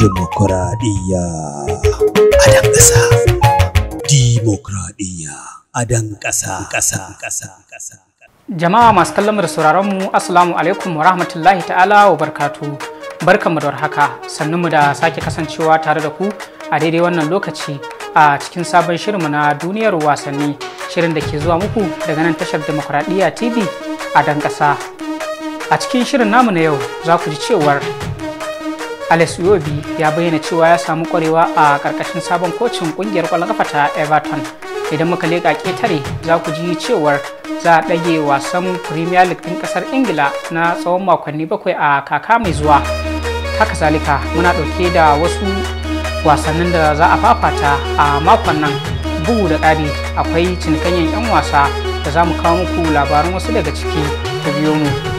demokradiya a dan ƙasa. Dimokuraɗiyya a ƙasa. ƙasa. Jama'a masu kallon da sauraron mu Assalamu alaikum wa rahmatullahi ta'ala wa barkatu. Barkanmu da warhaka sannu mu da sake kasancewa tare da ku a daidai wannan lokaci a cikin sabon shirinmu na duniyar wasanni shirin da ke zuwa muku daga nan tashar demokradiya TV a dan ƙasa. A cikin shirin namu na yau za ku ji cewar alex yobi ya bayyana cewa ya samu kwarewa a karkashin sabon kocin kungiyar kwallon kafa ta everton idan muka leƙa ketare za ku ji cewar za a ɗage wasan premier league ɗin ƙasar ingila na tsawon makonni bakwai a kaka mai zuwa haka zalika muna ɗauke da wasu wasannin da za a fafata a makon nan bugu da ƙari akwai cinikanyen 'yan wasa da za mu kawo muku labarin wasu daga ciki ta biyo mu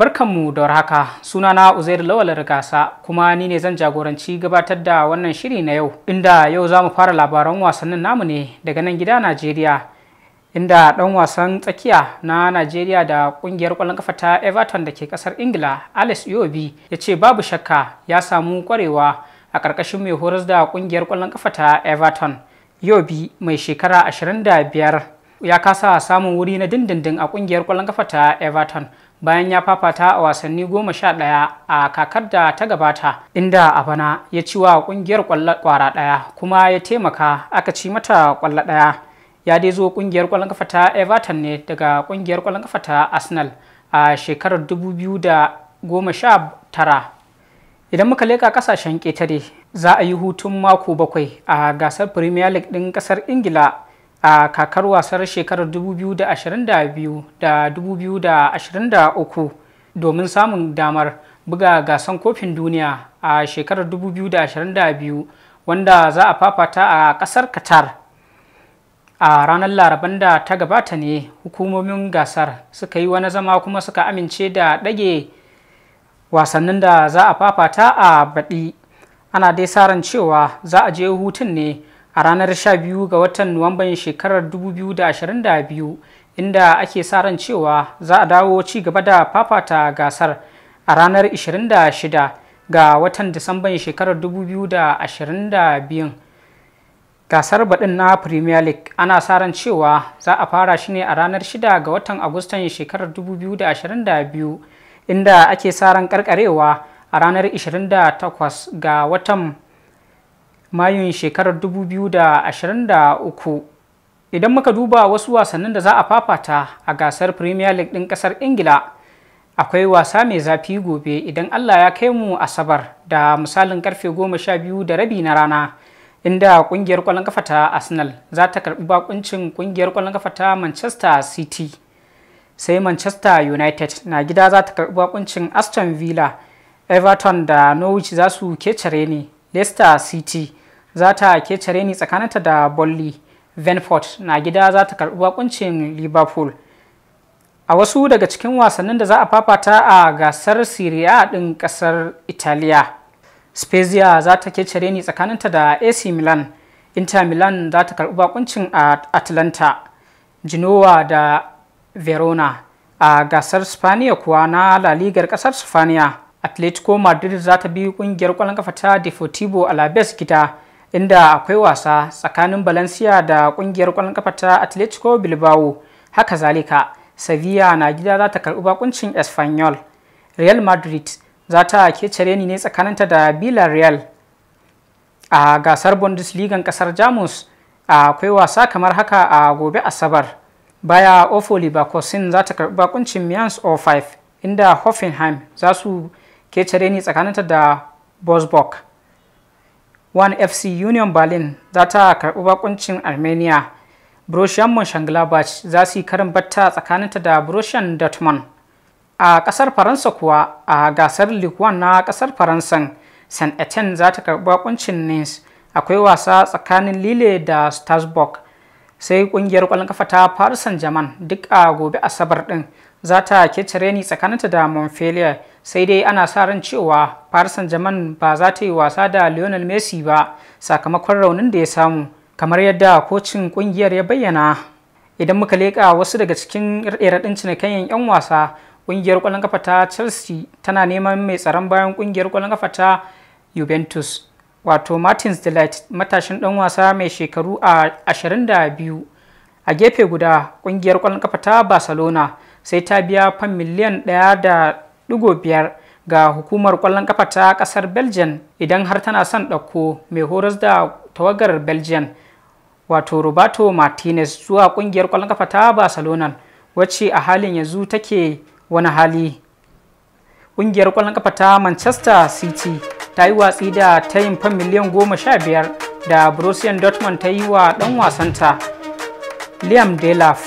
Barkanmu da warhaka sunana Uzair Lawal Rigasa kuma ni ne zan jagoranci gabatar da wannan shiri na yau inda yau za mu fara labaran wasannin namu ne daga nan gida Najeriya inda ɗan wasan tsakiya na Najeriya da ƙungiyar ƙwallon kafa ta Everton da ke ƙasar Ingila Alex Iwobi ya ce babu shakka ya samu ƙwarewa a ƙarƙashin mai horas da ƙungiyar ƙwallon kafa ta Everton. Iwobi mai shekara 25 ya kasa samun wuri na dindindin a ƙungiyar ƙwallon kafa ta Everton bayan ya fafata a wasanni goma sha ɗaya a kakar da ta gabata inda a bana ya ci wa ƙungiyar ƙwallon ƙwara ɗaya kuma ya taimaka aka ci mata ƙwallo ɗaya ya dai zo ƙungiyar ƙwallon kafa ta everton ne daga ƙungiyar ƙwallon kafa ta arsenal a shekarar dubu biyu da goma sha tara. idan muka leka ƙasashen ƙetare za a yi hutun mako bakwai a gasar premier league ɗin ƙasar ingila a kakar wasar shekarar 2022 da 2023 domin samun damar buga gasan kofin duniya a shekarar 2022 wanda za a fafata a kasar qatar a ranar laraban da ta gabata ne hukumomin gasar suka yi wani zama kuma suka amince da ɗage wasannin da za a fafata a baɗi ana dai sa ran cewa za a je hutun ne a ranar 12 ga watan nuwamban shekarar 2022 inda ake sa ran cewa za a dawo ci gaba da fafata gasar a ranar 26 ga watan disamban shekarar 2022 gasar baɗin na premier league ana sa ran cewa za a fara shi ne a ranar 6 ga watan agustan shekarar 2022 inda ake sa ran karkarewa a ranar 28 ga watan mayun shekarar 2023 idan muka duba wasu wasannin da za a fafata a gasar premier league ɗin ƙasar ingila akwai wasa mai zafi gobe idan allah ya kai mu asabar da misalin karfe goma sha biyu da rabi na rana inda kungiyar kwallon kafa ta arsenal za ta karbi bakuncin kungiyar kwallon kafa ta manchester city sai manchester united na gida za ta karbi bakuncin aston villa everton da norwich za su kecere ne leicester city za ta kece ni tsakaninta da bolly venford na gida za ta karbi bakuncin liverpool a wasu daga cikin wasannin da za a fafata a gasar syria ɗin ƙasar italiya spezia za ta kece ni tsakaninta da ac milan inter milan za ta karbi bakuncin atlanta genoa da verona a gasar spaniya kuwa na laligar ƙasar spaniya atletico madrid za ta bi kungiyar kwallon kafa ta deportivo alaves gida inda akwai wasa tsakanin Valencia da kungiyar kwallon kafa ta Atletico Bilbao. Haka zalika, Sevilla na gida za ta karɓi bakuncin Espanyol. Real Madrid za ta kecere ni ne tsakaninta da Villarreal. A gasar Bundesliga ƙasar Jamus akwai wasa kamar haka a gobe Asabar. Baya Ofoli Bakosin za ta karɓi bakuncin o 05 inda Hoffenheim za su kecere ni tsakaninta da Bosbok. 1 fc union berlin za ta karɓi bakuncin armenia borussia mönchengladbach za su yi karin batta tsakaninta da borussia dortmund a ƙasar faransa kuwa a gasar ligue na ƙasar faransan san etienne za ta karɓi bakuncin nice akwai wasa tsakanin lille da strasbourg sai ƙungiyar kwallon kafa ta paris saint germain duk a gobe asabar ɗin za ta ke tsakaninta da montpellier sai dai ana sa ran cewa Paris Saint-Germain ba za ta yi wasa da Lionel Messi ba sakamakon raunin da ya samu kamar yadda kocin kungiyar ya bayyana idan muka leƙa wasu daga cikin raɗin cinikayen 'yan wasa kungiyar ƙwallon kafa ta Chelsea tana neman mai tsaron bayan kungiyar ƙwallon kafa ta Juventus wato Martins Delight matashin ɗan wasa mai shekaru a 22 a gefe guda kungiyar ƙwallon kafa ta Barcelona sai ta biya fam miliyan ɗaya da biyar ga hukumar kwallon kafa ta kasar belgian idan har tana son ɗauko mai horas da tawagar belgian wato roberto martinez zuwa kungiyar kwallon kafa ta barcelona wacce a halin yanzu take wani hali kungiyar kwallon kafa ta manchester city ta yi watsi da tayin fan miliyan goma sha biyar da borussia dortmund ta yi wa dan wasanta liam delaf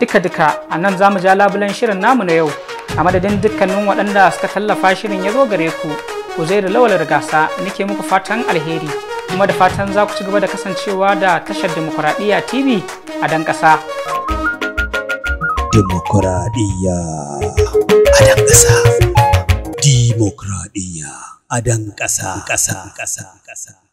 duka-duka a nan za mu ja labulen shirin namu na yau a madadin dukkanin waɗanda suka tallafa shirin ya zo gare ku ku zai da lawalar gasa nake muku fatan alheri kuma da fatan za ku ci gaba da kasancewa da tashar demokuraɗiyya tv a dan ƙasa demokuraɗiyya a dan ƙasa demokuraɗiyya a dan ƙasa